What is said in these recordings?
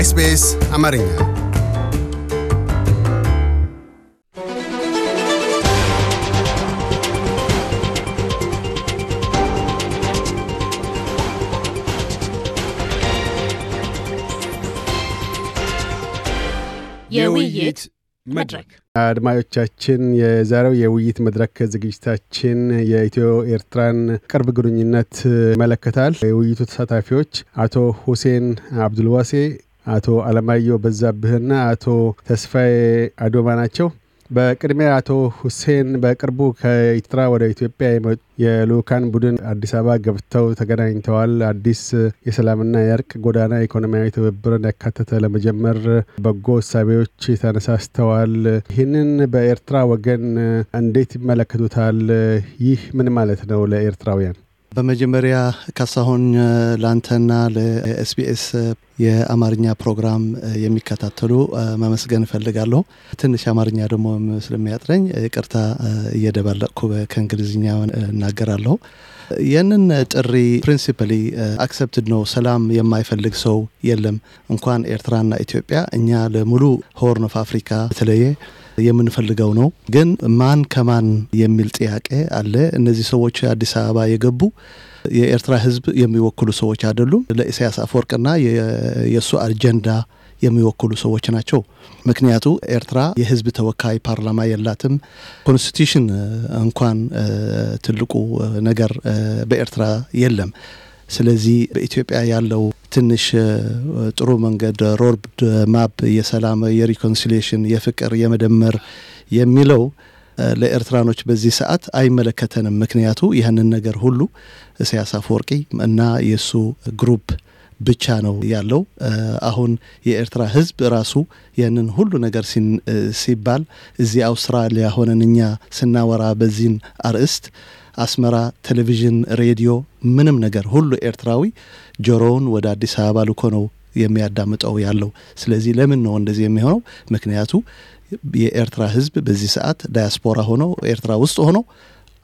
ኤስቢኤስ አማርኛ የውይይት መድረክ አድማጮቻችን የዛሬው የውይይት መድረክ ዝግጅታችን የኢትዮ ኤርትራን ቅርብ ግንኙነት ይመለከታል። የውይይቱ ተሳታፊዎች አቶ ሁሴን አብዱልዋሴ አቶ አለማየሁ በዛብህና አቶ ተስፋዬ አዶማ ናቸው። በቅድሚያ አቶ ሁሴን በቅርቡ ከኤርትራ ወደ ኢትዮጵያ የመጡ የልኡካን ቡድን አዲስ አበባ ገብተው ተገናኝተዋል። አዲስ የሰላምና የእርቅ ጎዳና ኢኮኖሚያዊ ትብብርን ያካተተ ለመጀመር በጎ እሳቤዎች ተነሳስተዋል። ይህንን በኤርትራ ወገን እንዴት ይመለከቱታል? ይህ ምን ማለት ነው ለኤርትራውያን? በመጀመሪያ ካሳሁን ለአንተና ለኤስቢኤስ የአማርኛ ፕሮግራም የሚከታተሉ መመስገን እፈልጋለሁ። ትንሽ አማርኛ ደግሞ ስለሚያጥረኝ ቅርታ እየደባለቅኩ ከእንግሊዝኛ እናገራለሁ። ይህንን ጥሪ ፕሪንሲፕሊ አክሰፕትድ ነው። ሰላም የማይፈልግ ሰው የለም። እንኳን ኤርትራና ኢትዮጵያ እኛ ለሙሉ ሆርን ኦፍ አፍሪካ የተለየ የምንፈልገው ነው። ግን ማን ከማን የሚል ጥያቄ አለ። እነዚህ ሰዎች አዲስ አበባ የገቡ የኤርትራ ሕዝብ የሚወክሉ ሰዎች አይደሉም። ለኢሳያስ አፈወርቅና የእሱ አጀንዳ የሚወክሉ ሰዎች ናቸው። ምክንያቱ ኤርትራ የህዝብ ተወካይ ፓርላማ የላትም። ኮንስቲቱሽን እንኳን ትልቁ ነገር በኤርትራ የለም። ስለዚህ በኢትዮጵያ ያለው ትንሽ ጥሩ መንገድ ሮድ ማፕ የሰላም፣ የሪኮንሲሊሽን፣ የፍቅር፣ የመደመር የሚለው ለኤርትራኖች በዚህ ሰዓት አይመለከተንም። ምክንያቱ ይህንን ነገር ሁሉ ኢሳያስ አፈወርቂ እና የእሱ ግሩፕ ብቻ ነው ያለው። አሁን የኤርትራ ህዝብ ራሱ ይህንን ሁሉ ነገር ሲባል እዚህ አውስትራሊያ ሆነን እኛ ስናወራ በዚህን አርእስት አስመራ ቴሌቪዥን፣ ሬዲዮ፣ ምንም ነገር ሁሉ ኤርትራዊ ጆሮውን ወደ አዲስ አበባ ልኮ ነው የሚያዳምጠው ያለው። ስለዚህ ለምን ነው እንደዚህ የሚሆነው? ምክንያቱ የኤርትራ ሕዝብ በዚህ ሰዓት ዳያስፖራ ሆኖ ኤርትራ ውስጥ ሆኖ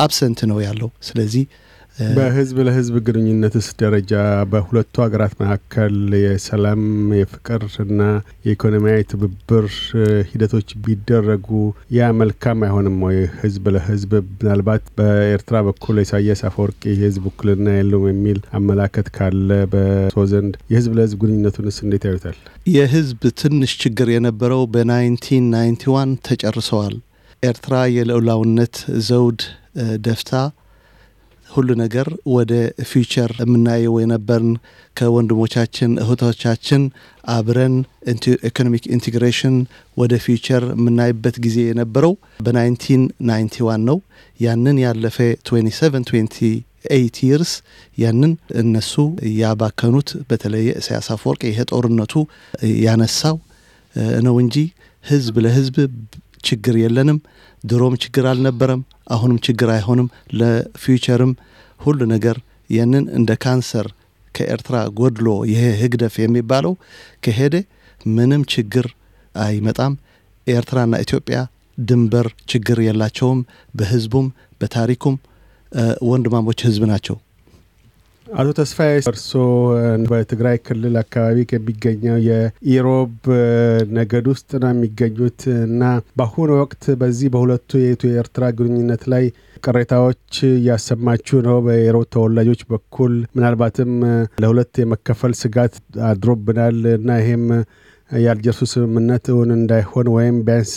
አብሰንት ነው ያለው። ስለዚህ በህዝብ ለህዝብ ግንኙነትስ ደረጃ በሁለቱ ሀገራት መካከል የሰላም የፍቅር እና የኢኮኖሚያዊ ትብብር ሂደቶች ቢደረጉ ያ መልካም አይሆንም ወይ? ህዝብ ለህዝብ ምናልባት በኤርትራ በኩል ኢሳያስ አፈወርቂ የህዝብ ውክልና የለውም የሚል አመላከት ካለ በሶ ዘንድ የህዝብ ለህዝብ ግንኙነቱንስ እንዴት ያዩታል? የህዝብ ትንሽ ችግር የነበረው በ1991 ተጨርሰዋል። ኤርትራ የልዑላውነት ዘውድ ደፍታ ሁሉ ነገር ወደ ፊውቸር የምናየው የነበርን ከወንድሞቻችን እህቶቻችን አብረን ኢኮኖሚክ ኢንቴግሬሽን ወደ ፊውቸር የምናይበት ጊዜ የነበረው በ1991 ነው። ያንን ያለፈ 27 ኤይት ይርስ ያንን እነሱ ያባከኑት በተለየ ኢሳያስ አፈወርቂ ይሄ ጦርነቱ ያነሳው ነው እንጂ ህዝብ ለህዝብ ችግር የለንም። ድሮም ችግር አልነበረም፣ አሁንም ችግር አይሆንም። ለፊውቸርም ሁሉ ነገር ያንን እንደ ካንሰር ከኤርትራ ጎድሎ ይሄ ህግደፍ የሚባለው ከሄደ ምንም ችግር አይመጣም። ኤርትራና ኢትዮጵያ ድንበር ችግር የላቸውም። በህዝቡም በታሪኩም ወንድማሞች ህዝብ ናቸው። አቶ ተስፋዬ እርሶ በትግራይ ክልል አካባቢ ከሚገኘው የኢሮብ ነገድ ውስጥ ነው የሚገኙት እና በአሁኑ ወቅት በዚህ በሁለቱ የኢትዮ ኤርትራ ግንኙነት ላይ ቅሬታዎች እያሰማችሁ ነው። በኢሮብ ተወላጆች በኩል ምናልባትም ለሁለት የመከፈል ስጋት አድሮብናል እና ይሄም የአልጀርሱ ስምምነት እውን እንዳይሆን ወይም ቢያንስ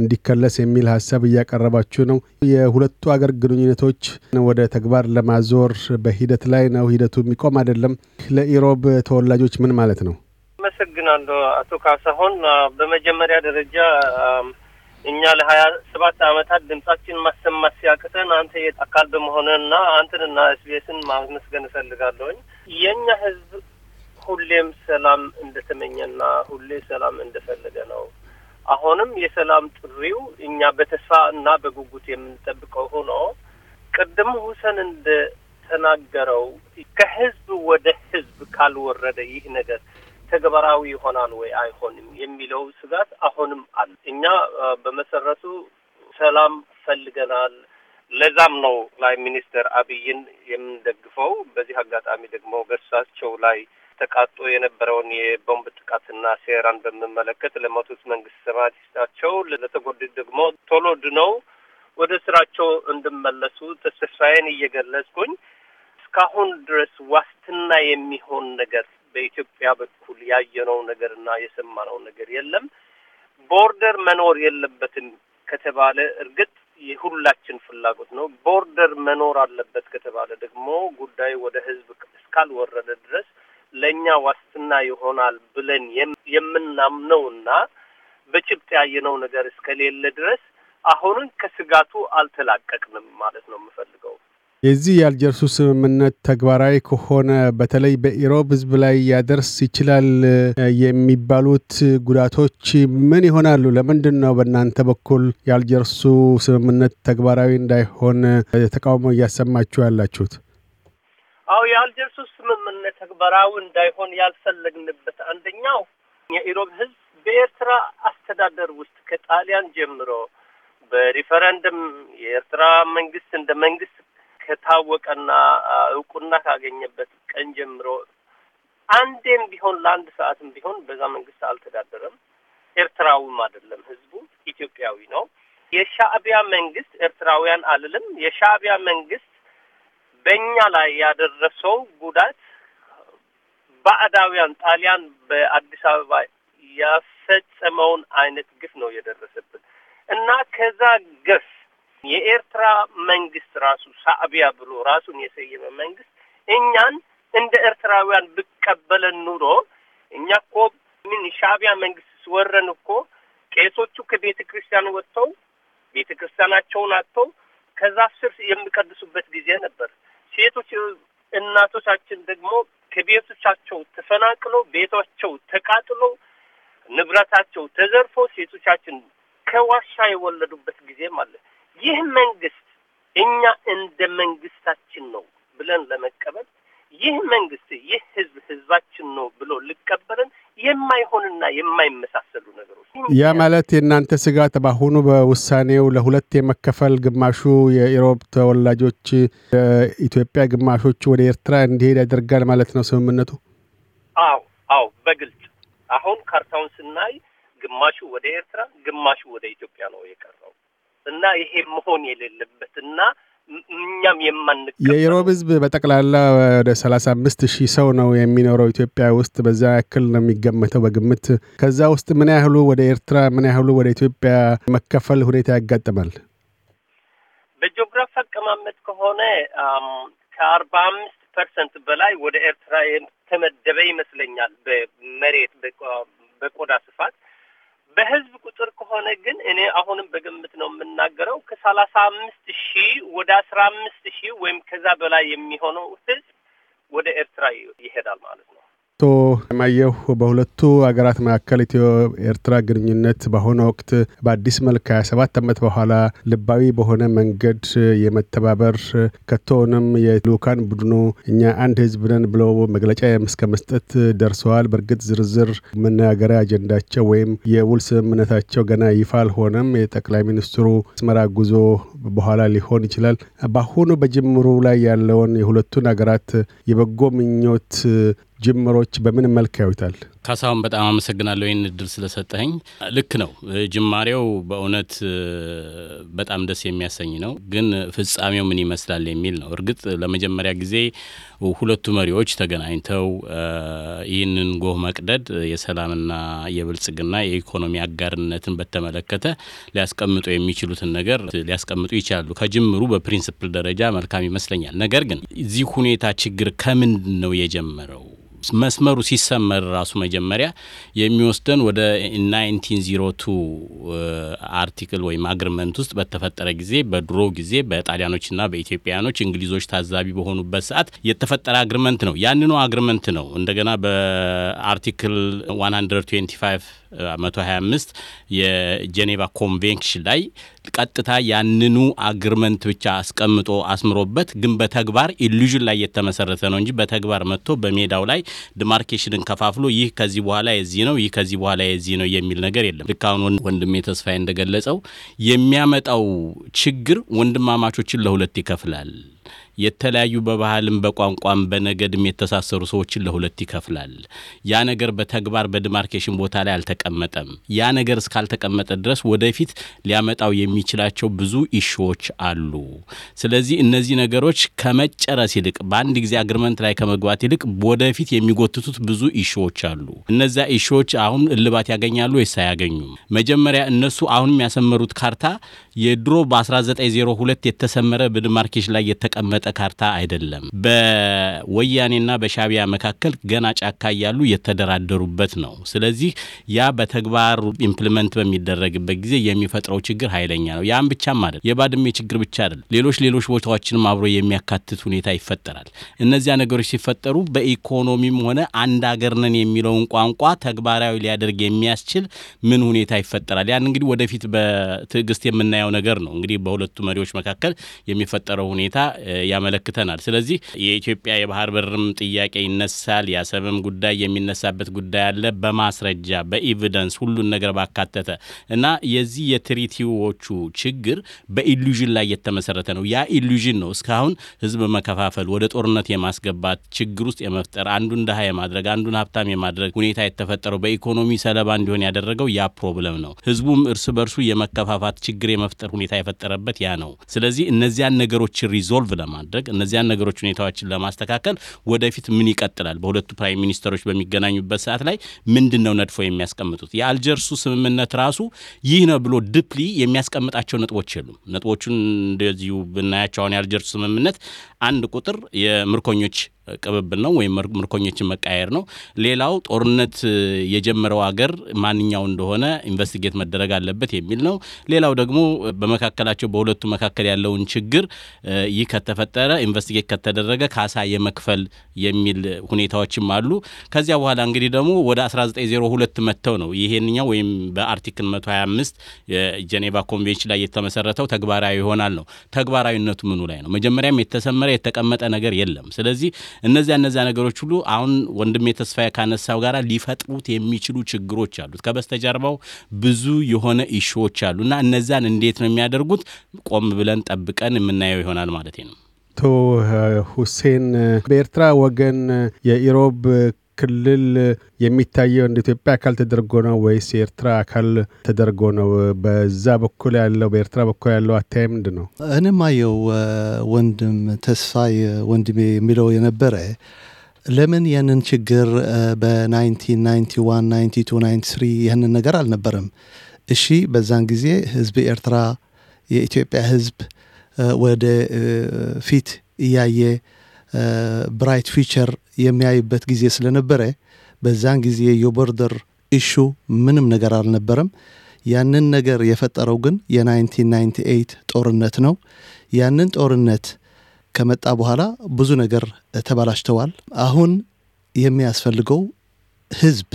እንዲከለስ የሚል ሀሳብ እያቀረባችሁ ነው። የሁለቱ አገር ግንኙነቶች ወደ ተግባር ለማዞር በሂደት ላይ ነው። ሂደቱ የሚቆም አይደለም። ለኢሮብ ተወላጆች ምን ማለት ነው? አመሰግናለሁ አቶ ካሳሆን። በመጀመሪያ ደረጃ እኛ ለሀያ ሰባት አመታት ድምጻችን ማሰማት ሲያቅተን አንተ የት አካል በመሆንና አንተንና ኤስቢኤስን ማመስገን እፈልጋለሁኝ። የእኛ ህዝብ ሁሌም ሰላም እንደተመኘና ሁሌ ሰላም እንደፈለገ ነው አሁንም የሰላም ጥሪው እኛ በተስፋ እና በጉጉት የምንጠብቀው ሆኖ ቅድም ሁሰን እንደ ተናገረው ከህዝብ ወደ ህዝብ ካልወረደ ይህ ነገር ተግባራዊ ይሆናል ወይ አይሆንም የሚለው ስጋት አሁንም አለ። እኛ በመሰረቱ ሰላም ፈልገናል። ለዛም ነው ላይ ሚኒስትር አብይን የምንደግፈው። በዚህ አጋጣሚ ደግሞ ገሳቸው ላይ ተቃጦ የነበረውን የቦምብ ጥቃትና ሴራን በምመለከት ለሞቱት መንግስት ሰማዕታት ይስጣቸው፣ ለተጎዱት ደግሞ ቶሎ ድነው ወደ ስራቸው እንድመለሱ ተስፋዬን እየገለጽኩኝ እስካሁን ድረስ ዋስትና የሚሆን ነገር በኢትዮጵያ በኩል ያየነው ነገርና የሰማነው ነገር የለም። ቦርደር መኖር የለበትም ከተባለ እርግጥ የሁላችን ፍላጎት ነው። ቦርደር መኖር አለበት ከተባለ ደግሞ ጉዳዩ ወደ ህዝብ እስካልወረደ ድረስ ለእኛ ዋስትና ይሆናል ብለን የምናምነውና በጭብጥ ያየነው ነገር እስከሌለ ድረስ አሁንም ከስጋቱ አልተላቀቅንም ማለት ነው የምፈልገው። የዚህ የአልጀርሱ ስምምነት ተግባራዊ ከሆነ በተለይ በኢሮብ ሕዝብ ላይ ያደርስ ይችላል የሚባሉት ጉዳቶች ምን ይሆናሉ? ለምንድን ነው በእናንተ በኩል የአልጀርሱ ስምምነት ተግባራዊ እንዳይሆን ተቃውሞ እያሰማችሁ ያላችሁት? አዎ የአልጀርሱ ስምምነት ተግባራዊ እንዳይሆን ያልፈለግንበት አንደኛው የኢሮብ ህዝብ በኤርትራ አስተዳደር ውስጥ ከጣሊያን ጀምሮ በሪፈረንደም የኤርትራ መንግስት እንደ መንግስት ከታወቀና እውቁና ካገኘበት ቀን ጀምሮ አንዴም ቢሆን ለአንድ ሰዓትም ቢሆን በዛ መንግስት አልተዳደረም። ኤርትራዊም አይደለም፣ ህዝቡ ኢትዮጵያዊ ነው። የሻእቢያ መንግስት ኤርትራውያን አልልም። የሻእቢያ መንግስት በእኛ ላይ ያደረሰው ጉዳት ባዕዳውያን ጣሊያን በአዲስ አበባ ያፈጸመውን አይነት ግፍ ነው የደረሰብን እና ከዛ ግፍ የኤርትራ መንግስት ራሱ ሳዕቢያ ብሎ ራሱን የሰየመ መንግስት እኛን እንደ ኤርትራውያን ብቀበለን ኑሮ እኛ እኮ ምን ሻዕቢያ መንግስት ስወረን እኮ ቄሶቹ ከቤተ ክርስቲያን ወጥተው ቤተ ክርስቲያናቸውን አጥተው ከዛ ስር የሚቀድሱበት ጊዜ ነበር። ሴቶች እናቶቻችን ደግሞ ከቤቶቻቸው ተፈናቅለው ቤታቸው ተቃጥሎ ንብረታቸው ተዘርፎ ሴቶቻችን ከዋሻ የወለዱበት ጊዜም አለ። ይህ መንግስት እኛ እንደ መንግስታችን ነው ብለን ለመቀበል ይህ መንግስት ይህ ህዝብ ህዝባችን ነው ብሎ ሊቀበልን የማይሆንና የማይመሳሰል ያ ማለት የእናንተ ስጋት በአሁኑ በውሳኔው ለሁለት የመከፈል ግማሹ የኢሮብ ተወላጆች ኢትዮጵያ፣ ግማሾች ወደ ኤርትራ እንዲሄድ ያደርጋል ማለት ነው ስምምነቱ? አዎ አዎ፣ በግልጽ አሁን ካርታውን ስናይ ግማሹ ወደ ኤርትራ፣ ግማሹ ወደ ኢትዮጵያ ነው የቀረው እና ይሄ መሆን የሌለበት እና እኛም የማንቀ የኢሮብ ህዝብ በጠቅላላ ወደ ሰላሳ አምስት ሺህ ሰው ነው የሚኖረው ኢትዮጵያ ውስጥ በዛ ያክል ነው የሚገመተው በግምት። ከዛ ውስጥ ምን ያህሉ ወደ ኤርትራ፣ ምን ያህሉ ወደ ኢትዮጵያ መከፈል ሁኔታ ያጋጥማል? በጂኦግራፊ አቀማመጥ ከሆነ ከአርባ አምስት ፐርሰንት በላይ ወደ ኤርትራ የተመደበ ይመስለኛል በመሬት በቆዳ ስፋት በህዝብ ቁጥር ከሆነ ግን እኔ አሁንም በግምት ነው የምናገረው ከሰላሳ አምስት ሺህ ወደ አስራ አምስት ሺህ ወይም ከዛ በላይ የሚሆነው ህዝብ ወደ ኤርትራ ይሄዳል ማለት ነው። አቶ ማየሁ በሁለቱ አገራት መካከል ኢትዮ ኤርትራ ግንኙነት በአሁኑ ወቅት በአዲስ መልክ ሀያ ሰባት ዓመት በኋላ ልባዊ በሆነ መንገድ የመተባበር ከቶውንም የልኡካን ቡድኑ እኛ አንድ ህዝብ ነን ብለው መግለጫ እስከ መስጠት ደርሰዋል። በእርግጥ ዝርዝር መነጋገሪያ አጀንዳቸው ወይም የውል ስምምነታቸው ገና ይፋ አልሆነም። የጠቅላይ ሚኒስትሩ አስመራ ጉዞ በኋላ ሊሆን ይችላል። በአሁኑ በጅምሩ ላይ ያለውን የሁለቱን አገራት የበጎ ምኞት ጅምሮች በምን መልክ ያዩታል? ካሳሁን በጣም አመሰግናለሁ ይህን እድል ስለሰጠኸኝ። ልክ ነው፣ ጅማሬው በእውነት በጣም ደስ የሚያሰኝ ነው። ግን ፍጻሜው ምን ይመስላል የሚል ነው። እርግጥ ለመጀመሪያ ጊዜ ሁለቱ መሪዎች ተገናኝተው ይህንን ጎህ መቅደድ የሰላምና የብልጽግና የኢኮኖሚ አጋርነትን በተመለከተ ሊያስቀምጡ የሚችሉትን ነገር ሊያስቀምጡ ይችላሉ። ከጅምሩ በፕሪንስፕል ደረጃ መልካም ይመስለኛል። ነገር ግን እዚህ ሁኔታ ችግር ከምንድን ነው የጀመረው መስመሩ ሲሰመር ራሱ መጀመሪያ የሚወስደን ወደ 1902 አርቲክል uh, ወይም አግርመንት ውስጥ በተፈጠረ ጊዜ በድሮ ጊዜ በጣሊያኖችና በኢትዮጵያኖች እንግሊዞች ታዛቢ በሆኑበት ሰዓት የተፈጠረ አግርመንት ነው። ያንኑ አግሪመንት ነው እንደገና በአርቲክል 125 125 የጄኔቫ ኮንቬንሽን ላይ ቀጥታ ያንኑ አግርመንት ብቻ አስቀምጦ አስምሮበት ግን በተግባር ኢሉዥን ላይ የተመሰረተ ነው እንጂ በተግባር መጥቶ በሜዳው ላይ ዲማርኬሽንን ከፋፍሎ ይህ ከዚህ በኋላ የዚህ ነው፣ ይህ ከዚህ በኋላ የዚህ ነው የሚል ነገር የለም። ልክ አሁን ወንድሜ ተስፋዬ እንደገለጸው የሚያመጣው ችግር ወንድማማቾችን ለሁለት ይከፍላል። የተለያዩ በባህልም በቋንቋም በነገድም የተሳሰሩ ሰዎችን ለሁለት ይከፍላል። ያ ነገር በተግባር በዲማርኬሽን ቦታ ላይ አልተቀመጠም። ያ ነገር እስካልተቀመጠ ድረስ ወደፊት ሊያመጣው የሚችላቸው ብዙ ኢሹዎች አሉ። ስለዚህ እነዚህ ነገሮች ከመጨረስ ይልቅ በአንድ ጊዜ አግርመንት ላይ ከመግባት ይልቅ ወደፊት የሚጎትቱት ብዙ ኢሹዎች አሉ። እነዚያ ኢሹዎች አሁን እልባት ያገኛሉ ወይስ አያገኙም? መጀመሪያ እነሱ አሁንም ያሰመሩት ካርታ የድሮ በ1902 የተሰመረ በድማርኬሽ ላይ የተቀመጠ ካርታ አይደለም። በወያኔና በሻቢያ መካከል ገና ጫካ እያሉ የተደራደሩበት ነው። ስለዚህ ያ በተግባር ኢምፕሊመንት በሚደረግበት ጊዜ የሚፈጥረው ችግር ኃይለኛ ነው። ያም ብቻም አይደለም፣ የባድሜ ችግር ብቻ አይደለም። ሌሎች ሌሎች ቦታዎችንም አብሮ የሚያካትት ሁኔታ ይፈጠራል። እነዚያ ነገሮች ሲፈጠሩ በኢኮኖሚም ሆነ አንድ አገር ነን የሚለውን ቋንቋ ተግባራዊ ሊያደርግ የሚያስችል ምን ሁኔታ ይፈጠራል? ያን እንግዲህ ወደፊት በትዕግስት የምናየው ዋነኛው ነገር ነው። እንግዲህ በሁለቱ መሪዎች መካከል የሚፈጠረው ሁኔታ ያመለክተናል። ስለዚህ የኢትዮጵያ የባህር በርም ጥያቄ ይነሳል፣ የአሰብም ጉዳይ የሚነሳበት ጉዳይ አለ። በማስረጃ በኤቪደንስ ሁሉን ነገር ባካተተ እና የዚህ የትሪቲዎቹ ችግር በኢሉዥን ላይ የተመሰረተ ነው። ያ ኢሉዥን ነው እስካሁን ህዝብ መከፋፈል፣ ወደ ጦርነት የማስገባት ችግር ውስጥ የመፍጠር አንዱን ድሃ የማድረግ አንዱን ሀብታም የማድረግ ሁኔታ የተፈጠረው በኢኮኖሚ ሰለባ እንዲሆን ያደረገው ያ ፕሮብለም ነው። ህዝቡም እርስ በርሱ የመከፋፋት ችግር የመፍጠር የመፍጠር ሁኔታ የፈጠረበት ያ ነው። ስለዚህ እነዚያን ነገሮች ሪዞልቭ ለማድረግ እነዚያን ነገሮች ሁኔታዎችን ለማስተካከል ወደፊት ምን ይቀጥላል፣ በሁለቱ ፕራይም ሚኒስተሮች በሚገናኙበት ሰዓት ላይ ምንድን ነው ነድፎ የሚያስቀምጡት? የአልጀርሱ ስምምነት ራሱ ይህ ነው ብሎ ድፕሊ የሚያስቀምጣቸው ነጥቦች የሉም። ነጥቦቹን እንደዚሁ ብናያቸው አሁን የአልጀርሱ ስምምነት አንድ ቁጥር የምርኮኞች ቅብብል ነው ወይም ምርኮኞችን መቃየር ነው። ሌላው ጦርነት የጀመረው አገር ማንኛው እንደሆነ ኢንቨስቲጌት መደረግ አለበት የሚል ነው። ሌላው ደግሞ በመካከላቸው በሁለቱ መካከል ያለውን ችግር ይህ ከተፈጠረ ኢንቨስቲጌት ከተደረገ ካሳ የመክፈል የሚል ሁኔታዎችም አሉ። ከዚያ በኋላ እንግዲህ ደግሞ ወደ 1902 መጥተው ነው ይሄንኛው ወይም በአርቲክል 125 የጀኔቫ ኮንቬንሽን ላይ የተመሰረተው ተግባራዊ ይሆናል ነው። ተግባራዊነቱ ምኑ ላይ ነው? መጀመሪያም የተሰመረ የተቀመጠ ነገር የለም። ስለዚህ እነዚያ እነዚያ ነገሮች ሁሉ አሁን ወንድሜ ተስፋዬ ካነሳው ጋር ሊፈጥሩት የሚችሉ ችግሮች አሉት። ከበስተጀርባው ብዙ የሆነ ኢሹዎች አሉ እና እነዚያን እንዴት ነው የሚያደርጉት? ቆም ብለን ጠብቀን የምናየው ይሆናል ማለት ነው። አቶ ሁሴን በኤርትራ ወገን የኢሮብ ክልል የሚታየው እንደ ኢትዮጵያ አካል ተደርጎ ነው ወይስ የኤርትራ አካል ተደርጎ ነው? በዛ በኩል ያለው በኤርትራ በኩል ያለው አታይ ምንድን ነው? እኔም አየው ወንድም ተስፋይ ወንድሜ የሚለው የነበረ ለምን ያንን ችግር በ1991 92 93 ያንን ነገር አልነበረም? እሺ በዛን ጊዜ ህዝብ ኤርትራ የኢትዮጵያ ህዝብ ወደ ፊት እያየ ብራይት ፊቸር የሚያይበት ጊዜ ስለነበረ በዛን ጊዜ የቦርደር እሹ ምንም ነገር አልነበረም። ያንን ነገር የፈጠረው ግን የ1998 ጦርነት ነው። ያንን ጦርነት ከመጣ በኋላ ብዙ ነገር ተበላሽተዋል። አሁን የሚያስፈልገው ህዝብ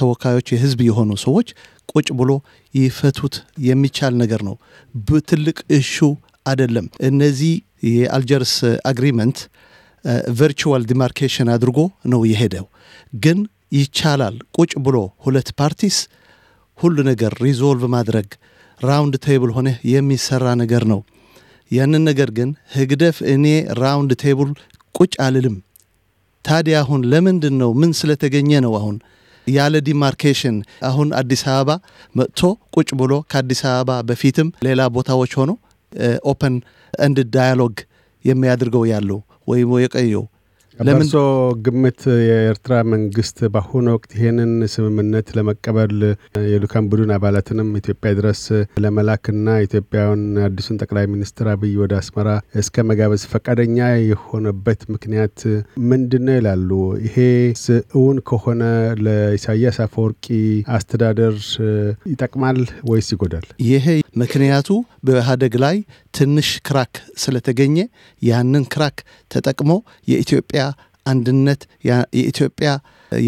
ተወካዮች የህዝብ የሆኑ ሰዎች ቁጭ ብሎ ይፈቱት የሚቻል ነገር ነው። ትልቅ እሹ አይደለም። እነዚህ የአልጀርስ አግሪመንት ቨርቹዋል ዲማርኬሽን አድርጎ ነው የሄደው። ግን ይቻላል ቁጭ ብሎ ሁለት ፓርቲስ ሁሉ ነገር ሪዞልቭ ማድረግ ራውንድ ቴብል ሆነ የሚሰራ ነገር ነው። ያንን ነገር ግን ህግደፍ እኔ ራውንድ ቴብል ቁጭ አልልም። ታዲያ አሁን ለምንድን ነው? ምን ስለተገኘ ነው? አሁን ያለ ዲማርኬሽን አሁን አዲስ አበባ መጥቶ ቁጭ ብሎ ከአዲስ አበባ በፊትም ሌላ ቦታዎች ሆኖ ኦፐን እንድ ዳያሎግ የሚያደርገው ያለው ወይም የቀየው በእርሶ ግምት የኤርትራ መንግስት በአሁኑ ወቅት ይህንን ስምምነት ለመቀበል የሉካን ቡድን አባላትንም ኢትዮጵያ ድረስ ለመላክና ኢትዮጵያውን አዲሱን ጠቅላይ ሚኒስትር አብይ ወደ አስመራ እስከ መጋበዝ ፈቃደኛ የሆነበት ምክንያት ምንድን ነው ይላሉ? ይሄ እውን ከሆነ ለኢሳያስ አፈወርቂ አስተዳደር ይጠቅማል ወይስ ይጎዳል? ይሄ ምክንያቱ በኢህአዴግ ላይ ትንሽ ክራክ ስለተገኘ ያንን ክራክ ተጠቅሞ የኢትዮጵያ አንድነት የኢትዮጵያ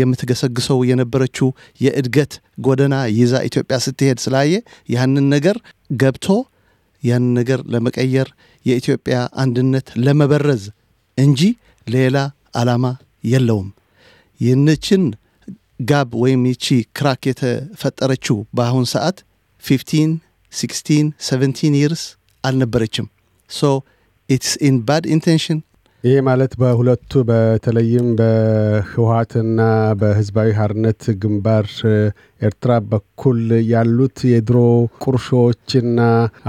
የምትገሰግሰው የነበረችው የእድገት ጎደና ይዛ ኢትዮጵያ ስትሄድ ስላየ ያንን ነገር ገብቶ ያንን ነገር ለመቀየር የኢትዮጵያ አንድነት ለመበረዝ እንጂ ሌላ አላማ የለውም። ይህንችን ጋብ ወይም ይቺ ክራክ የተፈጠረችው በአሁን ሰዓት 15 16 17 ይርስ አልነበረችም። ሶ ኢትስ ኢን ባድ ኢንቴንሽን ይህ ማለት በሁለቱ በተለይም በህወሀትና በህዝባዊ ሀርነት ግንባር ኤርትራ በኩል ያሉት የድሮ ቁርሾዎችና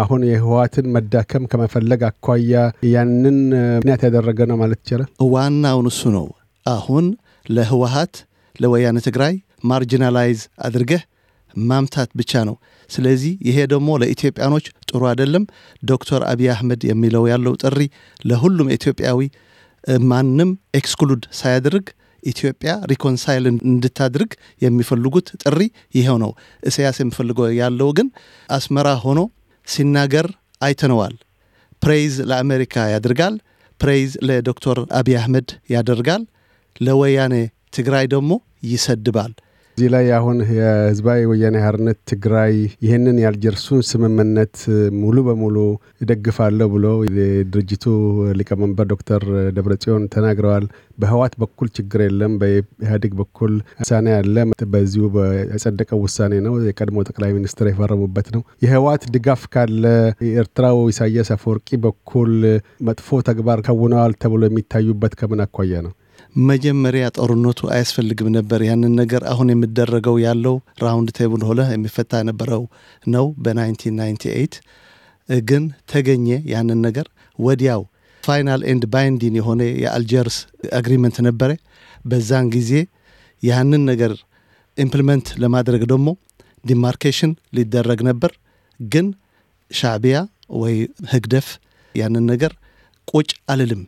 አሁን የህወሀትን መዳከም ከመፈለግ አኳያ ያንን ምክንያት ያደረገ ነው ማለት ይቻላል። ዋናውን እሱ ነው። አሁን ለህወሀት ለወያነ ትግራይ ማርጂናላይዝ አድርገህ ማምታት ብቻ ነው። ስለዚህ ይሄ ደግሞ ለኢትዮጵያኖች ጥሩ አይደለም። ዶክተር አብይ አህመድ የሚለው ያለው ጥሪ ለሁሉም ኢትዮጵያዊ ማንም ኤክስክሉድ ሳያደርግ ኢትዮጵያ ሪኮንሳይል እንድታድርግ የሚፈልጉት ጥሪ ይኸው ነው። እስያስ የሚፈልገው ያለው ግን አስመራ ሆኖ ሲናገር አይተነዋል። ፕሬይዝ ለአሜሪካ ያደርጋል። ፕሬይዝ ለዶክተር አብይ አህመድ ያደርጋል። ለወያኔ ትግራይ ደግሞ ይሰድባል። እዚህ ላይ አሁን የህዝባዊ ወያኔ ሀርነት ትግራይ ይህንን የአልጀርሱን ስምምነት ሙሉ በሙሉ እደግፋለሁ ብሎ የድርጅቱ ሊቀመንበር ዶክተር ደብረጽዮን ተናግረዋል። በህዋት በኩል ችግር የለም፣ በኢህአዴግ በኩል ውሳኔ አለ። በዚሁ የጸደቀው ውሳኔ ነው፣ የቀድሞ ጠቅላይ ሚኒስትር የፈረሙበት ነው። የህዋት ድጋፍ ካለ የኤርትራው ኢሳያስ አፈወርቂ በኩል መጥፎ ተግባር ከውነዋል ተብሎ የሚታዩበት ከምን አኳያ ነው? መጀመሪያ ጦርነቱ አያስፈልግም ነበር። ያንን ነገር አሁን የሚደረገው ያለው ራውንድ ቴብል ሆነ የሚፈታ የነበረው ነው በ1998 ግን ተገኘ። ያንን ነገር ወዲያው ፋይናል ኤንድ ባይንዲን የሆነ የአልጀርስ አግሪመንት ነበረ። በዛን ጊዜ ያንን ነገር ኢምፕሊመንት ለማድረግ ደግሞ ዲማርኬሽን ሊደረግ ነበር። ግን ሻዕቢያ ወይ ህግደፍ ያንን ነገር ቁጭ አልልም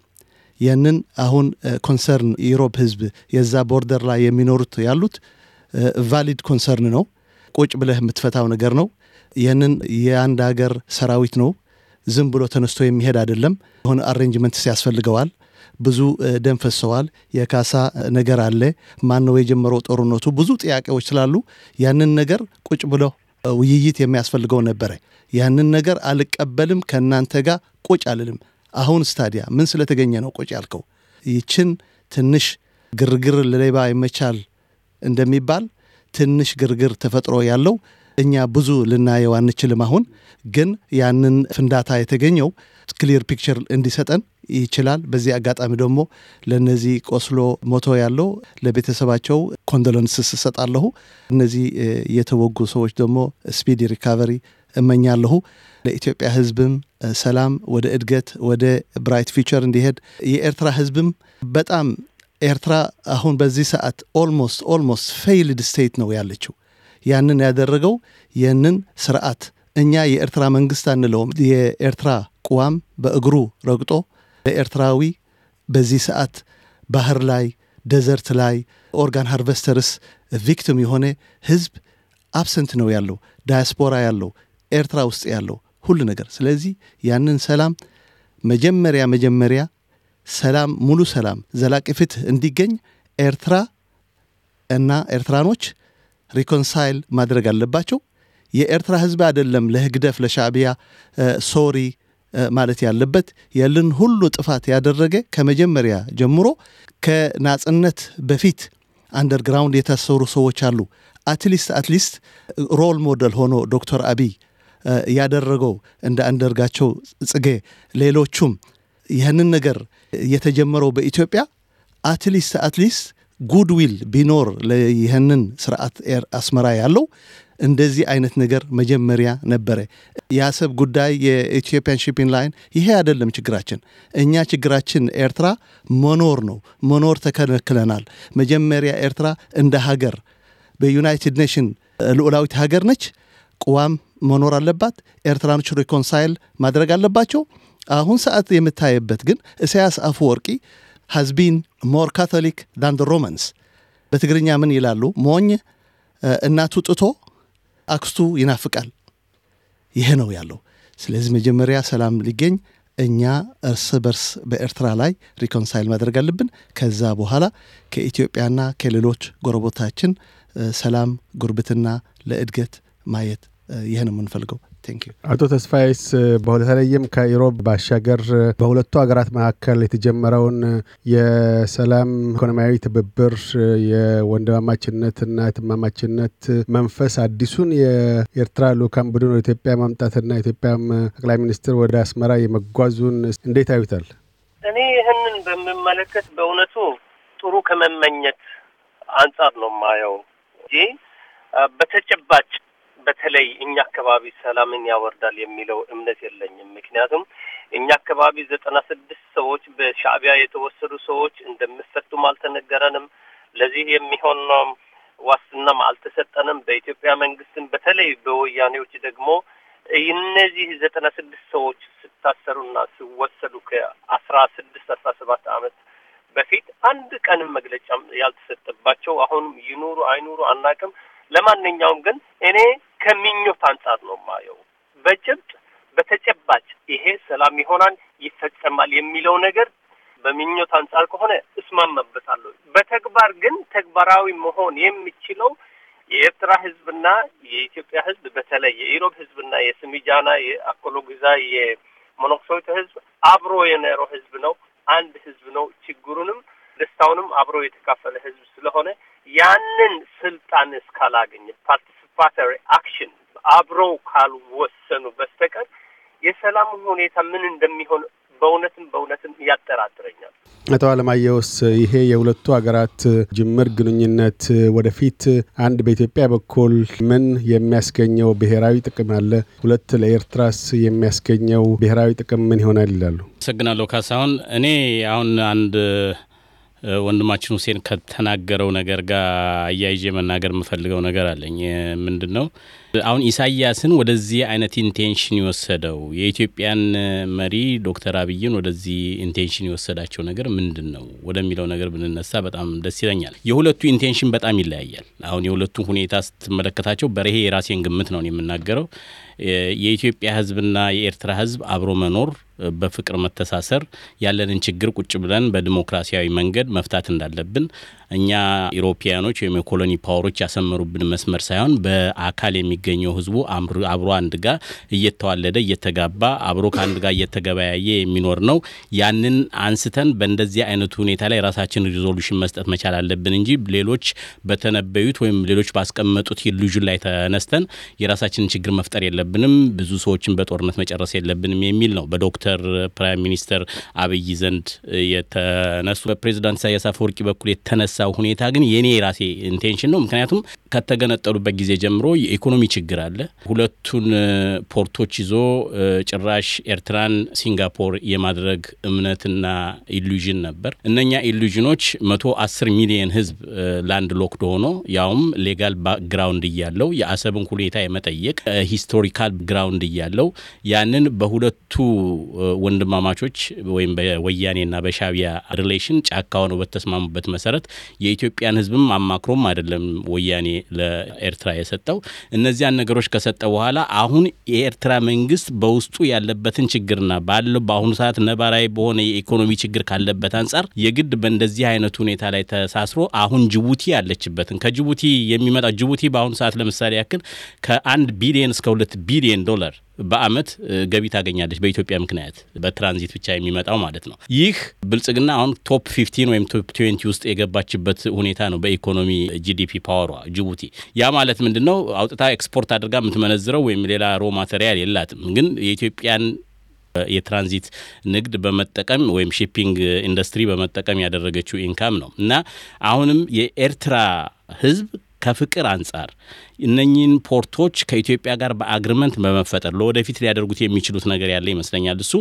ያንን አሁን ኮንሰርን የኢሮብ ህዝብ የዛ ቦርደር ላይ የሚኖሩት ያሉት ቫሊድ ኮንሰርን ነው። ቁጭ ብለህ የምትፈታው ነገር ነው። ይህንን የአንድ ሀገር ሰራዊት ነው። ዝም ብሎ ተነስቶ የሚሄድ አይደለም። የሆነ አሬንጅመንትስ ያስፈልገዋል። ብዙ ደም ፈሰዋል። የካሳ ነገር አለ። ማን ነው የጀመረው ጦርነቱ? ብዙ ጥያቄዎች ስላሉ ያንን ነገር ቁጭ ብሎ ውይይት የሚያስፈልገው ነበረ። ያንን ነገር አልቀበልም፣ ከእናንተ ጋር ቁጭ አልልም አሁን ስታዲያ ምን ስለተገኘ ነው ቆጭ ያልከው? ይችን ትንሽ ግርግር ለሌባ ይመቻል እንደሚባል ትንሽ ግርግር ተፈጥሮ ያለው እኛ ብዙ ልናየው አንችልም። አሁን ግን ያንን ፍንዳታ የተገኘው ክሊር ፒክቸር እንዲሰጠን ይችላል። በዚህ አጋጣሚ ደግሞ ለነዚህ ቆስሎ ሞቶ ያለው ለቤተሰባቸው ኮንዶለንስስ እሰጣለሁ። እነዚህ የተወጉ ሰዎች ደግሞ ስፒዲ ሪካቨሪ እመኛለሁ። ለኢትዮጵያ ሕዝብም ሰላም፣ ወደ እድገት፣ ወደ ብራይት ፊቸር እንዲሄድ የኤርትራ ህዝብም በጣም ኤርትራ አሁን በዚህ ሰዓት ኦልሞስት ኦልሞስት ፌይልድ ስቴት ነው ያለችው። ያንን ያደረገው ይህንን ስርዓት እኛ የኤርትራ መንግስት አንለውም። የኤርትራ ቁዋም በእግሩ ረግጦ ለኤርትራዊ በዚህ ሰዓት ባህር ላይ ደዘርት ላይ ኦርጋን ሃርቨስተርስ ቪክቲም የሆነ ህዝብ አብሰንት ነው ያለው ዳያስፖራ ያለው ኤርትራ ውስጥ ያለው ሁሉ ነገር። ስለዚህ ያንን ሰላም መጀመሪያ መጀመሪያ ሰላም፣ ሙሉ ሰላም፣ ዘላቂ ፍትህ እንዲገኝ ኤርትራ እና ኤርትራኖች ሪኮንሳይል ማድረግ አለባቸው። የኤርትራ ህዝብ አይደለም ለህግደፍ ለሻቢያ ሶሪ ማለት ያለበት የልን ሁሉ ጥፋት ያደረገ ከመጀመሪያ ጀምሮ ከናጽነት በፊት አንደርግራውንድ የታሰሩ ሰዎች አሉ። አትሊስት አትሊስት ሮል ሞዴል ሆኖ ዶክተር አብይ ያደረገው እንደ አንዳርጋቸው ጽጌ ሌሎቹም ይህንን ነገር የተጀመረው በኢትዮጵያ አትሊስት አትሊስት ጉድዊል ቢኖር ይህንን ስርዓት አስመራ ያለው እንደዚህ አይነት ነገር መጀመሪያ ነበረ። የአሰብ ጉዳይ የኢትዮጵያን ሺፒንግ ላይን ይሄ አይደለም ችግራችን። እኛ ችግራችን ኤርትራ መኖር ነው። መኖር ተከለክለናል። መጀመሪያ ኤርትራ እንደ ሀገር በዩናይትድ ኔሽን ልዑላዊት ሀገር ነች። ቁዋም መኖር አለባት። ኤርትራኖች ሪኮንሳይል ማድረግ አለባቸው። አሁን ሰዓት የምታየበት ግን አፉ ወርቂ ሀዝቢን ሞር ካቶሊክ ዳን ሮማንስ በትግርኛ ምን ይላሉ? ሞኝ እናቱ ጥቶ አክስቱ ይናፍቃል። ይሄ ነው ያለው። ስለዚህ መጀመሪያ ሰላም ሊገኝ እኛ እርስ በርስ በኤርትራ ላይ ሪኮንሳይል ማድረግ አለብን። ከዛ በኋላ ከኢትዮጵያና ከሌሎች ጎረቦታችን ሰላም፣ ጉርብትና ለእድገት ማየት ይህ ነው የምንፈልገው። አቶ ተስፋይስ በተለይም ከኢሮብ ባሻገር በሁለቱ ሀገራት መካከል የተጀመረውን የሰላም ኢኮኖሚያዊ ትብብር የወንድማማችነትና የትማማችነት መንፈስ አዲሱን የኤርትራ ልኡካን ቡድን ወደ ኢትዮጵያ ማምጣትና ኢትዮጵያም ጠቅላይ ሚኒስትር ወደ አስመራ የመጓዙን እንዴት አዩታል? እኔ ይህንን በምመለከት በእውነቱ ጥሩ ከመመኘት አንጻር ነው ማየው እንጂ በተጨባጭ በተለይ እኛ አካባቢ ሰላምን ያወርዳል የሚለው እምነት የለኝም። ምክንያቱም እኛ አካባቢ ዘጠና ስድስት ሰዎች በሻዕቢያ የተወሰዱ ሰዎች እንደሚፈቱም አልተነገረንም። ለዚህ የሚሆን ዋስትናም አልተሰጠንም በኢትዮጵያ መንግስትም፣ በተለይ በወያኔዎች ደግሞ እነዚህ ዘጠና ስድስት ሰዎች ስታሰሩና ሲወሰዱ ከአስራ ስድስት አስራ ሰባት አመት በፊት አንድ ቀንም መግለጫም ያልተሰጠባቸው አሁንም ይኑሩ አይኑሩ አናውቅም። ለማንኛውም ግን እኔ ከምኞት አንጻር ነው ማየው። በጭብጥ በተጨባጭ ይሄ ሰላም ይሆናል ይፈጸማል የሚለው ነገር በምኞት አንጻር ከሆነ እስማማበታለሁ። በተግባር ግን ተግባራዊ መሆን የሚችለው የኤርትራ ህዝብና የኢትዮጵያ ህዝብ በተለይ የኢሮብ ህዝብና የስሚጃና የአቆሎ ግዛ የሞኖክሶዊት ህዝብ አብሮ የኖረ ህዝብ ነው። አንድ ህዝብ ነው። ችግሩንም ደስታውንም አብሮ የተካፈለ ህዝብ ስለሆነ ያንን ስልጣን እስካላገኘ ፓርቲ ፓተር አክሽን አብረው ካልወሰኑ በስተቀር የሰላም ሁኔታ ምን እንደሚሆን በእውነትም በእውነትም ያጠራጥረኛል። አቶ አለማየሁስ ይሄ የሁለቱ ሀገራት ጅምር ግንኙነት ወደፊት አንድ በኢትዮጵያ በኩል ምን የሚያስገኘው ብሔራዊ ጥቅም አለ? ሁለት ለኤርትራስ የሚያስገኘው ብሔራዊ ጥቅም ምን ይሆናል? ይላሉ። አመሰግናለሁ ካሳሁን። እኔ አሁን አንድ ወንድማችን ሁሴን ከተናገረው ነገር ጋር አያይዤ መናገር የምፈልገው ነገር አለኝ። ምንድን ነው አሁን ኢሳያስን ወደዚህ አይነት ኢንቴንሽን የወሰደው የኢትዮጵያን መሪ ዶክተር አብይን ወደዚህ ኢንቴንሽን የወሰዳቸው ነገር ምንድን ነው ወደሚለው ነገር ብንነሳ በጣም ደስ ይለኛል። የሁለቱ ኢንቴንሽን በጣም ይለያያል። አሁን የሁለቱ ሁኔታ ስትመለከታቸው በርሄ የራሴን ግምት ነው የምናገረው። የኢትዮጵያ ሕዝብና የኤርትራ ሕዝብ አብሮ መኖር በፍቅር መተሳሰር ያለንን ችግር ቁጭ ብለን በዲሞክራሲያዊ መንገድ መፍታት እንዳለብን እኛ ኢሮፒያኖች ወይም የኮሎኒ ፓወሮች ያሰመሩብን መስመር ሳይሆን በአካል የሚገኘው ህዝቡ አብሮ አንድ ጋር እየተዋለደ እየተጋባ አብሮ ከአንድ ጋር እየተገበያየ የሚኖር ነው። ያንን አንስተን በእንደዚህ አይነቱ ሁኔታ ላይ ራሳችን ሪዞሉሽን መስጠት መቻል አለብን እንጂ ሌሎች በተነበዩት ወይም ሌሎች ባስቀመጡት ኢሉዥን ላይ ተነስተን የራሳችንን ችግር መፍጠር የለብንም፣ ብዙ ሰዎችን በጦርነት መጨረስ የለብንም የሚል ነው በዶክተር ፕራይም ሚኒስተር አብይ ዘንድ የተነሱ በፕሬዚዳንት ኢሳያስ አፈወርቂ በኩል የተነሳ የተነሳው ሁኔታ ግን የኔ የራሴ ኢንቴንሽን ነው። ምክንያቱም ከተገነጠሉበት ጊዜ ጀምሮ የኢኮኖሚ ችግር አለ። ሁለቱን ፖርቶች ይዞ ጭራሽ ኤርትራን ሲንጋፖር የማድረግ እምነትና ኢሉዥን ነበር። እነኛ ኢሉዥኖች መቶ አስር ሚሊየን ህዝብ ላንድ ሎክድ ሆኖ ያውም ሌጋል ባክግራውንድ እያለው የአሰብን ሁኔታ የመጠየቅ ሂስቶሪካል ግራውንድ እያለው ያንን በሁለቱ ወንድማማቾች ወይም በወያኔና በሻቢያ ሪሌሽን ጫካ ሆነው በተስማሙበት መሰረት የኢትዮጵያን ህዝብም አማክሮም አይደለም ወያኔ ለኤርትራ የሰጠው። እነዚያን ነገሮች ከሰጠ በኋላ አሁን የኤርትራ መንግስት በውስጡ ያለበትን ችግርና ባለው በአሁኑ ሰዓት ነባራዊ በሆነ የኢኮኖሚ ችግር ካለበት አንጻር የግድ በእንደዚህ አይነት ሁኔታ ላይ ተሳስሮ አሁን ጅቡቲ ያለችበትን ከጅቡቲ የሚመጣው ጅቡቲ በአሁኑ ሰዓት ለምሳሌ ያክል ከአንድ ቢሊየን እስከ ሁለት ቢሊየን ዶላር በአመት ገቢ ታገኛለች በኢትዮጵያ ምክንያት በትራንዚት ብቻ የሚመጣው ማለት ነው። ይህ ብልጽግና አሁን ቶፕ ፊፍቲን ወይም ቶፕ 20 ውስጥ የገባችበት ሁኔታ ነው በኢኮኖሚ ጂዲፒ ፓወሯ ጅቡቲ። ያ ማለት ምንድን ነው? አውጥታ ኤክስፖርት አድርጋ የምትመነዝረው ወይም ሌላ ሮ ማቴሪያል የላትም። ግን የኢትዮጵያን የትራንዚት ንግድ በመጠቀም ወይም ሺፒንግ ኢንዱስትሪ በመጠቀም ያደረገችው ኢንካም ነው እና አሁንም የኤርትራ ህዝብ ከፍቅር አንጻር እነኚህን ፖርቶች ከኢትዮጵያ ጋር በአግሪመንት በመፈጠር ለወደፊት ሊያደርጉት የሚችሉት ነገር ያለ ይመስለኛል። እሱ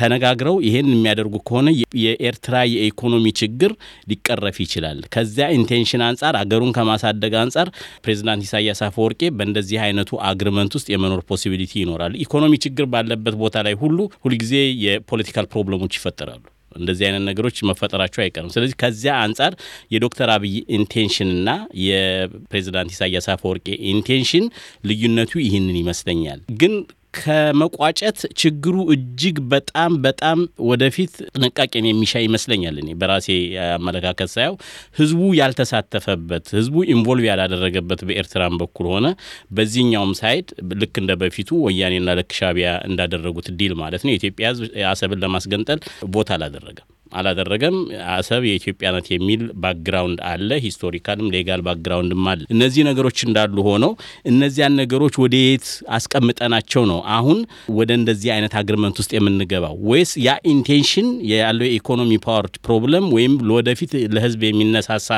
ተነጋግረው ይሄን የሚያደርጉ ከሆነ የኤርትራ የኢኮኖሚ ችግር ሊቀረፍ ይችላል። ከዚያ ኢንቴንሽን አንጻር አገሩን ከማሳደግ አንጻር ፕሬዚዳንት ኢሳያስ አፈወርቄ በእንደዚህ አይነቱ አግሪመንት ውስጥ የመኖር ፖሲቢሊቲ ይኖራል። ኢኮኖሚ ችግር ባለበት ቦታ ላይ ሁሉ ሁልጊዜ የፖለቲካል ፕሮብለሞች ይፈጠራሉ። እንደዚህ አይነት ነገሮች መፈጠራቸው አይቀርም። ስለዚህ ከዚያ አንጻር የዶክተር አብይ ኢንቴንሽንና የፕሬዚዳንት ኢሳያስ አፈወርቄ ኢንቴንሽን ልዩነቱ ይህንን ይመስለኛል ግን ከመቋጨት ችግሩ እጅግ በጣም በጣም ወደፊት ጥንቃቄን የሚሻ ይመስለኛል። እኔ በራሴ አመለካከት ሳየው ህዝቡ ያልተሳተፈበት ህዝቡ ኢንቮልቭ ያላደረገበት በኤርትራን በኩል ሆነ በዚህኛውም ሳይድ ልክ እንደ በፊቱ ወያኔና ልክ ሻቢያ እንዳደረጉት ዲል ማለት ነው የኢትዮጵያ ህዝብ አሰብን ለማስገንጠል ቦታ አላደረገም። አላደረገም። አሰብ የኢትዮጵያ ናት የሚል ባክግራውንድ አለ፣ ሂስቶሪካልም ሌጋል ባክግራውንድም አለ። እነዚህ ነገሮች እንዳሉ ሆነው እነዚያን ነገሮች ወደ የት አስቀምጠናቸው ነው አሁን ወደ እንደዚህ አይነት አግርመንት ውስጥ የምንገባው? ወይስ ያ ኢንቴንሽን ያለው የኢኮኖሚ ፓወር ፕሮብለም ወይም ለወደፊት ለህዝብ የሚነሳሳ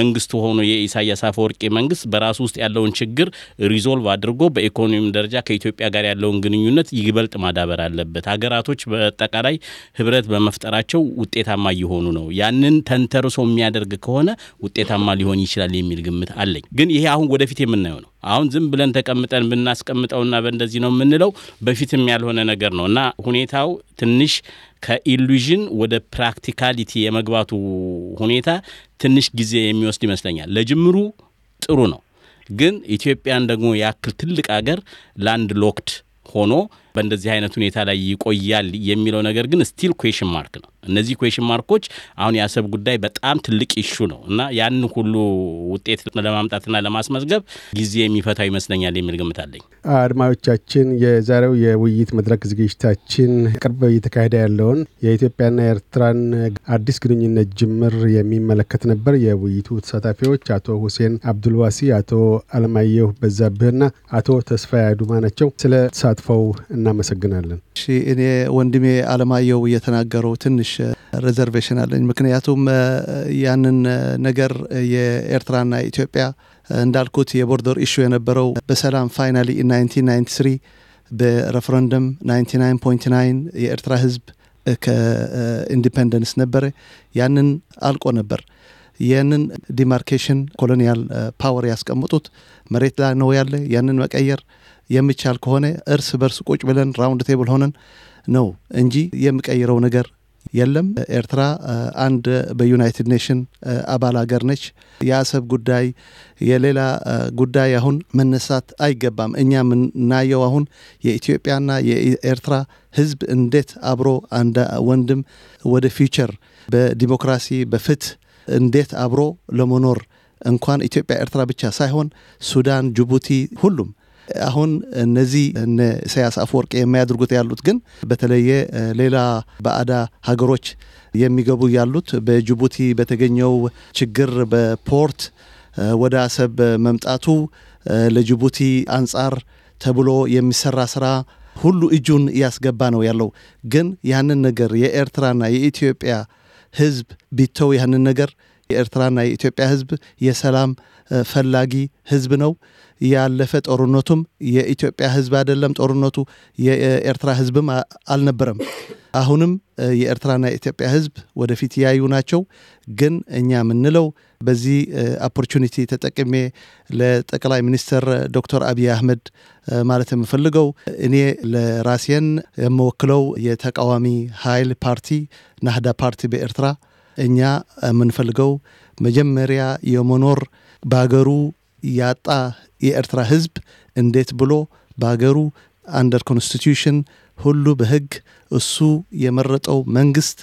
መንግስት ሆኖ የኢሳያስ አፈወርቂ መንግስት በራሱ ውስጥ ያለውን ችግር ሪዞልቭ አድርጎ በኢኮኖሚም ደረጃ ከኢትዮጵያ ጋር ያለውን ግንኙነት ይበልጥ ማዳበር አለበት። ሀገራቶች በአጠቃላይ ህብረት በመፍጠራቸው ውጤታማ እየሆኑ ነው። ያንን ተንተርሶ የሚያደርግ ከሆነ ውጤታማ ሊሆን ይችላል የሚል ግምት አለኝ። ግን ይሄ አሁን ወደፊት የምናየው ነው። አሁን ዝም ብለን ተቀምጠን ብናስቀምጠውና በእንደዚህ ነው የምንለው በፊትም ያልሆነ ነገር ነው እና ሁኔታው ትንሽ ከኢሉዥን ወደ ፕራክቲካሊቲ የመግባቱ ሁኔታ ትንሽ ጊዜ የሚወስድ ይመስለኛል። ለጅምሩ ጥሩ ነው፣ ግን ኢትዮጵያን ደግሞ ያክል ትልቅ አገር ላንድ ሎክድ ሆኖ በእንደዚህ አይነት ሁኔታ ላይ ይቆያል የሚለው ነገር ግን ስቲል ኩዌሽን ማርክ ነው። እነዚህ ኩዌሽን ማርኮች አሁን የአሰብ ጉዳይ በጣም ትልቅ ይሹ ነው እና ያን ሁሉ ውጤት ለማምጣትና ለማስመዝገብ ጊዜ የሚፈታው ይመስለኛል የሚል ግምት አለኝ። አድማጮቻችን፣ የዛሬው የውይይት መድረክ ዝግጅታችን ቅርብ እየተካሄደ ያለውን የኢትዮጵያና የኤርትራን አዲስ ግንኙነት ጅምር የሚመለከት ነበር። የውይይቱ ተሳታፊዎች አቶ ሁሴን አብዱልዋሲ፣ አቶ አለማየሁ በዛብህና አቶ ተስፋ ያዱማ ናቸው። ስለ ተሳትፈው እናመሰግናለን። እኔ ወንድሜ አለማየሁ እየተናገረው ትንሽ ሬዘርቬሽን አለኝ። ምክንያቱም ያንን ነገር የኤርትራና ኢትዮጵያ እንዳልኩት የቦርደር ኢሹ የነበረው በሰላም ፋይናሊ 1993 በሬፈረንደም 99.9 የኤርትራ ህዝብ ከኢንዲፐንደንስ ነበረ። ያንን አልቆ ነበር። ይህንን ዲማርኬሽን ኮሎኒያል ፓወር ያስቀምጡት መሬት ላይ ነው ያለ። ያንን መቀየር የሚቻል ከሆነ እርስ በርስ ቁጭ ብለን ራውንድ ቴብል ሆነን ነው እንጂ የምቀይረው ነገር የለም። ኤርትራ አንድ በዩናይትድ ኔሽን አባል ሀገር ነች። የአሰብ ጉዳይ የሌላ ጉዳይ አሁን መነሳት አይገባም። እኛ የምናየው አሁን የኢትዮጵያና የኤርትራ ሕዝብ እንዴት አብሮ አንድ ወንድም ወደ ፊውቸር በዲሞክራሲ በፍትህ እንዴት አብሮ ለመኖር እንኳን ኢትዮጵያ ኤርትራ ብቻ ሳይሆን ሱዳን፣ ጅቡቲ ሁሉም አሁን እነዚህ እነ ኢሳያስ አፈወርቂ የሚያደርጉት ያሉት ግን በተለየ ሌላ በአዳ ሀገሮች የሚገቡ ያሉት በጅቡቲ በተገኘው ችግር በፖርት ወደ አሰብ መምጣቱ ለጅቡቲ አንጻር ተብሎ የሚሰራ ስራ ሁሉ እጁን እያስገባ ነው ያለው። ግን ያንን ነገር የኤርትራና የኢትዮጵያ ሕዝብ ቢተው ያንን ነገር የኤርትራና የኢትዮጵያ ህዝብ የሰላም ፈላጊ ህዝብ ነው። ያለፈ ጦርነቱም የኢትዮጵያ ህዝብ አይደለም፣ ጦርነቱ የኤርትራ ህዝብም አልነበረም። አሁንም የኤርትራና የኢትዮጵያ ህዝብ ወደፊት ያዩ ናቸው። ግን እኛ የምንለው በዚህ ኦፖርቹኒቲ ተጠቅሜ ለጠቅላይ ሚኒስትር ዶክተር አብይ አህመድ ማለት የምፈልገው እኔ ለራሴን የምወክለው የተቃዋሚ ኃይል ፓርቲ ናህዳ ፓርቲ በኤርትራ እኛ የምንፈልገው መጀመሪያ የመኖር በሀገሩ ያጣ የኤርትራ ህዝብ እንዴት ብሎ በሀገሩ አንደር ኮንስቲቱሽን ሁሉ በህግ እሱ የመረጠው መንግስት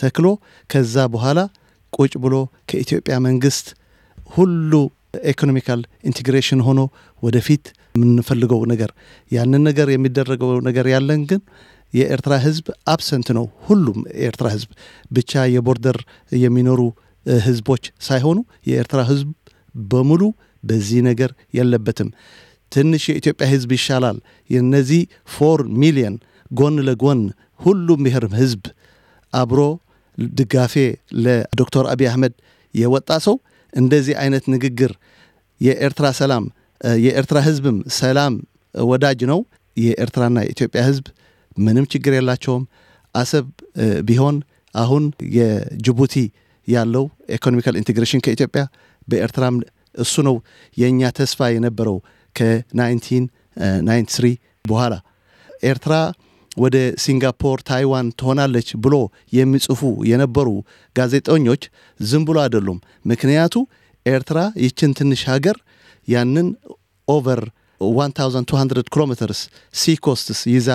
ተክሎ ከዛ በኋላ ቁጭ ብሎ ከኢትዮጵያ መንግስት ሁሉ ኢኮኖሚካል ኢንቴግሬሽን ሆኖ ወደፊት የምንፈልገው ነገር ያንን ነገር የሚደረገው ነገር ያለን ግን የኤርትራ ህዝብ አብሰንት ነው። ሁሉም የኤርትራ ህዝብ ብቻ የቦርደር የሚኖሩ ህዝቦች ሳይሆኑ የኤርትራ ህዝብ በሙሉ በዚህ ነገር የለበትም። ትንሽ የኢትዮጵያ ህዝብ ይሻላል። የነዚህ ፎር ሚሊየን ጎን ለጎን ሁሉም ብሔር ህዝብ አብሮ ድጋፌ ለዶክተር አብይ አህመድ የወጣ ሰው እንደዚህ አይነት ንግግር የኤርትራ ሰላም የኤርትራ ህዝብም ሰላም ወዳጅ ነው። የኤርትራና የኢትዮጵያ ህዝብ ምንም ችግር የላቸውም። አሰብ ቢሆን አሁን የጅቡቲ ያለው ኢኮኖሚካል ኢንቴግሬሽን ከኢትዮጵያ በኤርትራም እሱ ነው የእኛ ተስፋ የነበረው ከ1993 በኋላ ኤርትራ ወደ ሲንጋፖር፣ ታይዋን ትሆናለች ብሎ የሚጽፉ የነበሩ ጋዜጠኞች ዝም ብሎ አይደሉም። ምክንያቱ ኤርትራ ይችን ትንሽ ሀገር ያንን ኦቨር 1200 ኪሎ ሜትርስ ሲ ይዛ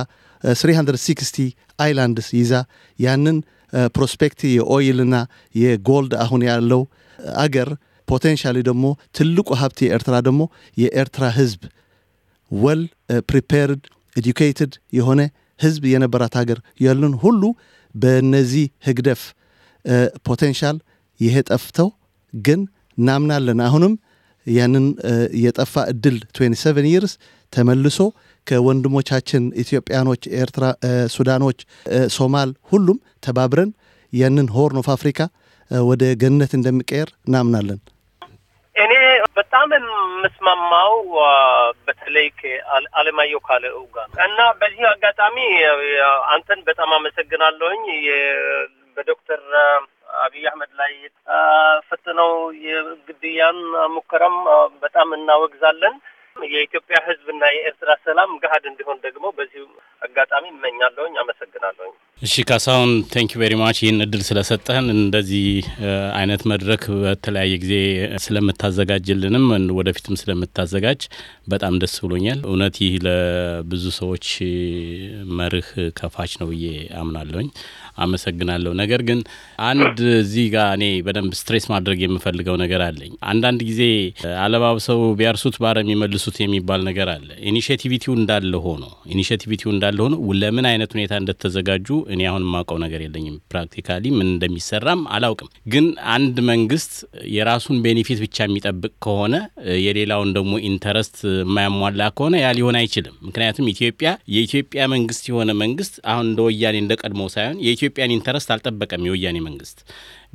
360 አይላንድስ ይዛ ያንን ፕሮስፔክት uh, የኦይልና የጎልድ አሁን ያለው uh, አገር ፖቴንሻሊ ደግሞ ትልቁ ሀብት የኤርትራ ደግሞ የኤርትራ ህዝብ ወል ፕሪፔርድ ኤዱኬትድ የሆነ ህዝብ የነበራት ሀገር ያሉን ሁሉ በነዚህ ህግደፍ ፖቴንሻል uh, ይሄ ጠፍተው ግን እናምናለን አሁንም ያንን የጠፋ እድል 27 ይርስ ተመልሶ ከወንድሞቻችን ኢትዮጵያኖች፣ ኤርትራ፣ ሱዳኖች፣ ሶማል ሁሉም ተባብረን ያንን ሆርን ኦፍ አፍሪካ ወደ ገነት እንደሚቀየር እናምናለን። እኔ በጣም የምስማማው በተለይ አለማየሁ ካለው ጋር እና በዚህ አጋጣሚ አንተን በጣም አመሰግናለሁኝ በዶክተር አብይ አህመድ ላይ ፍትነው የግድያን ሙከራም በጣም እናወግዛለን። የኢትዮጵያ ህዝብና የኤርትራ ሰላም ገሀድ እንዲሆን ደግሞ በዚሁ አጋጣሚ እመኛለሁኝ። አመሰግናለሁኝ። እሺ ካሳሁን ቴንክ ዩ ቬሪ ማች ይህን እድል ስለሰጠህን፣ እንደዚህ አይነት መድረክ በተለያየ ጊዜ ስለምታዘጋጅልንም ወደፊትም ስለምታዘጋጅ በጣም ደስ ብሎኛል። እውነት ይህ ለብዙ ሰዎች መርህ ከፋች ነው ብዬ አምናለሁኝ። አመሰግናለሁ። ነገር ግን አንድ እዚህ ጋር እኔ በደንብ ስትሬስ ማድረግ የምፈልገው ነገር አለኝ። አንዳንድ ጊዜ አለባብሰው ቢያርሱት ባረ የሚመልሱት የሚባል ነገር አለ። ኢኒሽቲቪቲው እንዳለ ሆኖ ኢኒሽቲቪቲው እንዳለ ሆኖ ለምን አይነት ሁኔታ እንደተዘጋጁ እኔ አሁን የማውቀው ነገር የለኝም። ፕራክቲካሊ ምን እንደሚሰራም አላውቅም። ግን አንድ መንግስት የራሱን ቤኔፊት ብቻ የሚጠብቅ ከሆነ የሌላውን ደግሞ ኢንተረስት የማያሟላ ከሆነ ያ ሊሆን አይችልም። ምክንያቱም ኢትዮጵያ የኢትዮጵያ መንግስት የሆነ መንግስት አሁን እንደ ወያኔ እንደ ቀድሞ ሳይሆን የኢትዮጵያን ኢንተረስት አልጠበቀም የወያኔ መንግስት።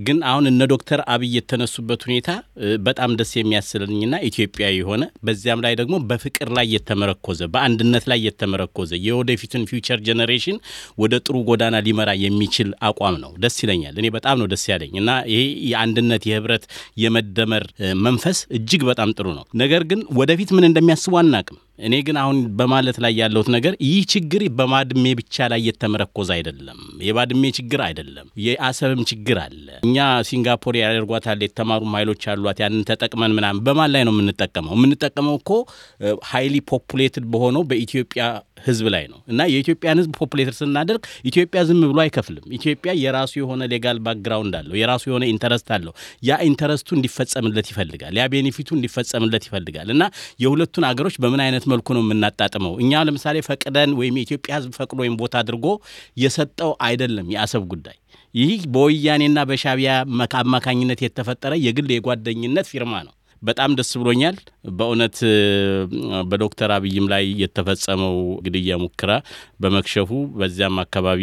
ግን አሁን እነ ዶክተር አብይ የተነሱበት ሁኔታ በጣም ደስ የሚያስለኝና ኢትዮጵያዊ የሆነ በዚያም ላይ ደግሞ በፍቅር ላይ የተመረኮዘ በአንድነት ላይ የተመረኮዘ የወደፊቱን ፊውቸር ጀኔሬሽን ወደ ጥሩ ጎዳና ሊመራ የሚችል አቋም ነው። ደስ ይለኛል። እኔ በጣም ነው ደስ ያለኝ እና ይሄ የአንድነት የህብረት፣ የመደመር መንፈስ እጅግ በጣም ጥሩ ነው። ነገር ግን ወደፊት ምን እንደሚያስቡ አናቅም። እኔ ግን አሁን በማለት ላይ ያለሁት ነገር ይህ ችግር በባድሜ ብቻ ላይ የተመረኮዘ አይደለም። የባድሜ ችግር አይደለም፣ የአሰብም ችግር አለ። እኛ ሲንጋፖር ያደርጓታል የተማሩ ኃይሎች አሏት። ያንን ተጠቅመን ምናምን በማን ላይ ነው የምንጠቀመው? የምንጠቀመው እኮ ሀይሊ ፖፑሌትድ በሆነው በኢትዮጵያ ህዝብ ላይ ነው። እና የኢትዮጵያን ህዝብ ፖፑሌትድ ስናደርግ ኢትዮጵያ ዝም ብሎ አይከፍልም። ኢትዮጵያ የራሱ የሆነ ሌጋል ባክግራውንድ አለው። የራሱ የሆነ ኢንተረስት አለው። ያ ኢንተረስቱ እንዲፈጸምለት ይፈልጋል። ያ ቤኔፊቱ እንዲፈጸምለት ይፈልጋል። እና የሁለቱን አገሮች በምን አይነት መልኩ ነው የምናጣጥመው? እኛ ለምሳሌ ፈቅደን ወይም የኢትዮጵያ ህዝብ ፈቅዶ ወይም ቦታ አድርጎ የሰጠው አይደለም የአሰብ ጉዳይ ይህ በወያኔና በሻቢያ አማካኝነት የተፈጠረ የግል የጓደኝነት ፊርማ ነው። በጣም ደስ ብሎኛል በእውነት በዶክተር አብይም ላይ የተፈጸመው ግድያ ሙከራ በመክሸፉ በዚያም አካባቢ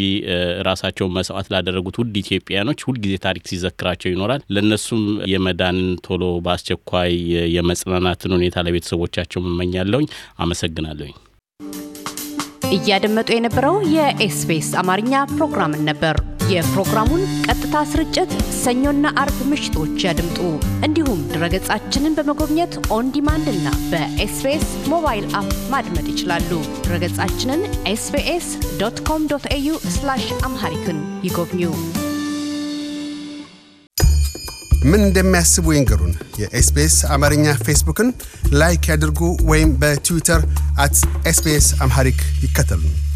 ራሳቸውን መስዋዕት ላደረጉት ውድ ኢትዮጵያኖች ሁልጊዜ ታሪክ ሲዘክራቸው ይኖራል። ለእነሱም የመዳን ቶሎ በአስቸኳይ የመጽናናትን ሁኔታ ለቤተሰቦቻቸው እመኛለሁኝ። አመሰግናለሁኝ። እያደመጡ የነበረው የኤስቢኤስ አማርኛ ፕሮግራምን ነበር። የፕሮግራሙን ቀጥታ ስርጭት ሰኞና አርብ ምሽቶች ያድምጡ። እንዲሁም ድረገጻችንን በመጎብኘት ኦን ዲማንድ እና በኤስቤስ ሞባይል አፕ ማድመጥ ይችላሉ። ድረገጻችንን ኤስቤስ ዶት ኮም ዶት ኤዩ አምሃሪክን ይጎብኙ። ምን እንደሚያስቡ ይንገሩን። የኤስቤስ አማርኛ ፌስቡክን ላይክ ያድርጉ ወይም በትዊተር አት ኤስቤስ አምሃሪክ ይከተሉን።